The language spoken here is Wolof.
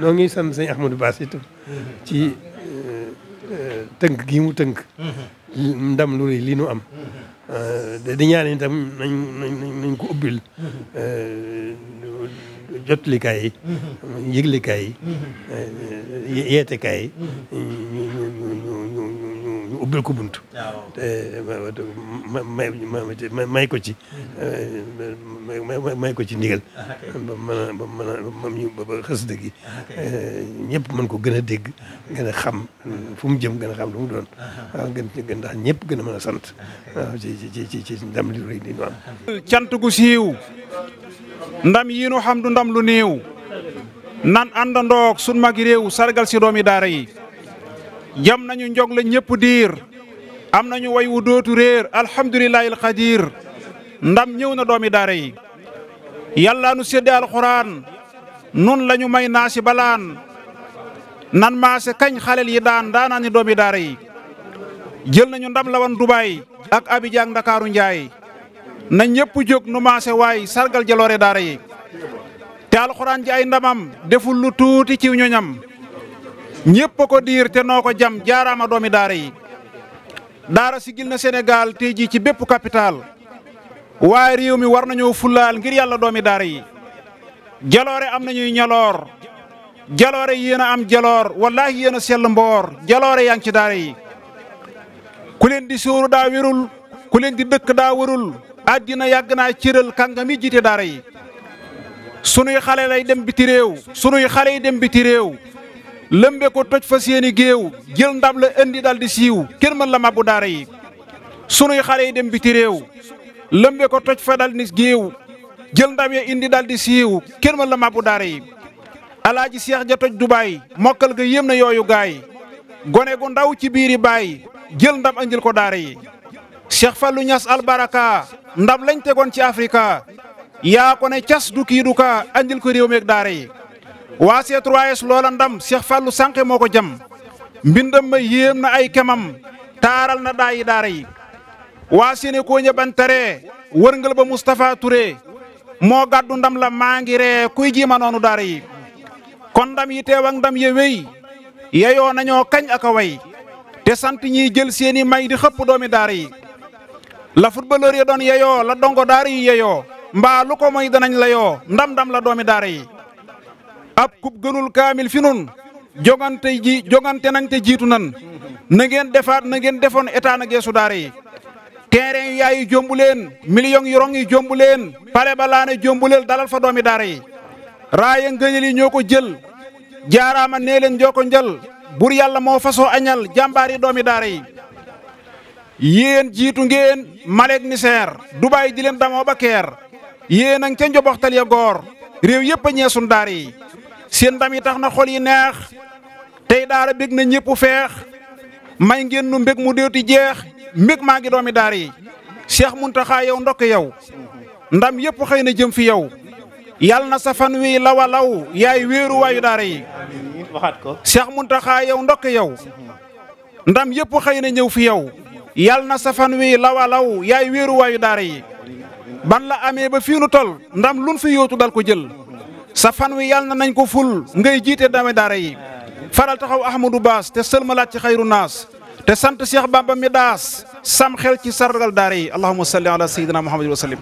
noo ngi sant sëñ Ahmadou ci euh, euh, tënk gii mu tënk ndam lu rëy lii nu am euh, di ñaan itam nañ nañ nañ ko ubbil jotlikaay yi yëglikaay yi yeetekaay yi ñu ubbil ko bunt may may may ko ci hmm. eh, may ko ci ndigal ah, ba mën a ba mën mam ñu ba xasida gi ah, eh, ñëpp mën ko gën a dégg gën xam fu mu jëm gën a xam lu mu doon waaw ah, ñëpp gën a mën a sant waaw ci ci ci ci ndam xam du lu néew nan àndandoog sun magi sargal si doomi daara yi jam nañu njog la ñëpp diir am nañu way wu dootu réer alhamdulilahi alqadir ndam ñëw na doomi daara yi yàlla nu sédde alxuraan nun lañu may naasi balaan nan maase kañ xalel yi daan daanaa ni doomi daara yi jël nañu ndam la wan Dubaay ak Abidjan Ndakaaru Njaay na ñëpp jóg nu maase waay sargal jaloore daara yi te alxuraan ji ay ndamam deful lu tuuti ci ñoñam ñëpp ko diir te noo ko jam jaaraama doomi daara yi daara sigil na senegal tey jii ci bépp capital waaye réew mi war nañoo fulaal ngir yàlla doomi daara yi jaloore am nañuy ñaloor jaloore yéen a am jaloor wallaahi yéen a mboor jaloore yaa ngi ci daara yi ku leen di daa wérul ku leen di dëkk daa wérul àddina yàgg naa cëral kàngam yi jiite daara yi sunuy xale lay dem biti réew sunuy xale yi dem biti lëmbe ko toj fa seeni géew jël ndab la indi daal di siiw kenn mën la mabbu daara yi sunuy xale yi dem biti réew lëmbe ko toj fa daal géew jël ndam ya indi daal siiw kenn mën la mabbu daara yi alaaji seex ja toj dubaay mokkal ga yéem na yooyu yi gone gu ndaw ci biiri baay jël ndam andil ko daara yi Cheikh Fallou Niass albaraka ndam lañ tegoon ci Afrika yaa ko ne cas du kii du kaa andil ko réew meeg daara yi waa C3S loola ndam Cheikh Fallou Sànqe moo ko jam mbindam ma yéem na ay kemam taaral na daayi daara yi waa sine koo ñëbantaree wërngal ba Moustapha Touré moo gàddu ndam la maa ngi kuy jiima noonu daara yi kon ndam yi teew ndam ya wéy yeyoo nañoo kañ ak way te sant ñiy jël seeni may di xëpp doomi daara yi la footballeur yi doon yeyoo la dongo daara yi yeyoo mbaa lu ko moy danañ la yoo ndam-ndam la doomi daara yi ab kub gënul kaamil fi nun jogante ji jogante nañ te jiitu nan na ngeen defaat nangeen defoon état na geesu daara yi terrain yaay yi jombu leen millions yi rong yi jombu pale ba laane jombu leen dalal fa doomi daara yi raaya ngëñal yi ñoo ko jël jaaraama nee leen njoo ko bur yàlla moo fasoo añal jàmbaar doomi daara yi jiitu ngeen malek ni seer Dubaay di leen damoo ba keer yéen a ca njoboxtal ya goor réew yëpp a ñeesun daara yi seen ndam yi tax na xol yi neex tey daara bég na ñëpp feex may ngeen nu mbég mu déeti jeex mbég maa ngi doomi daara yi Cheikh Muntaxa yow ndokk yow ndam yëpp xëy na jëm fi yow yàlla na safan fan wi lawalaw yaay wéeru waayu daara yi waxaat ko Cheikh Muntaxa yow ndokk yow ndam yëpp xëy na ñëw fi yow yàlla na safan fan wi lawalaw yaay wéeru waayu daara yi ban la amee ba fii nu tol ndam lun fi yootu dal ko jël sa fan wi yalna nañ ko ful ngay jité dawe dara yi faral taxaw ahmadou bass te selma lati xayru nas te sante Cheikh Bamba mi daas sam xel ci sargal dara yi allahumma salli ala sayyidina muhammad wa sallim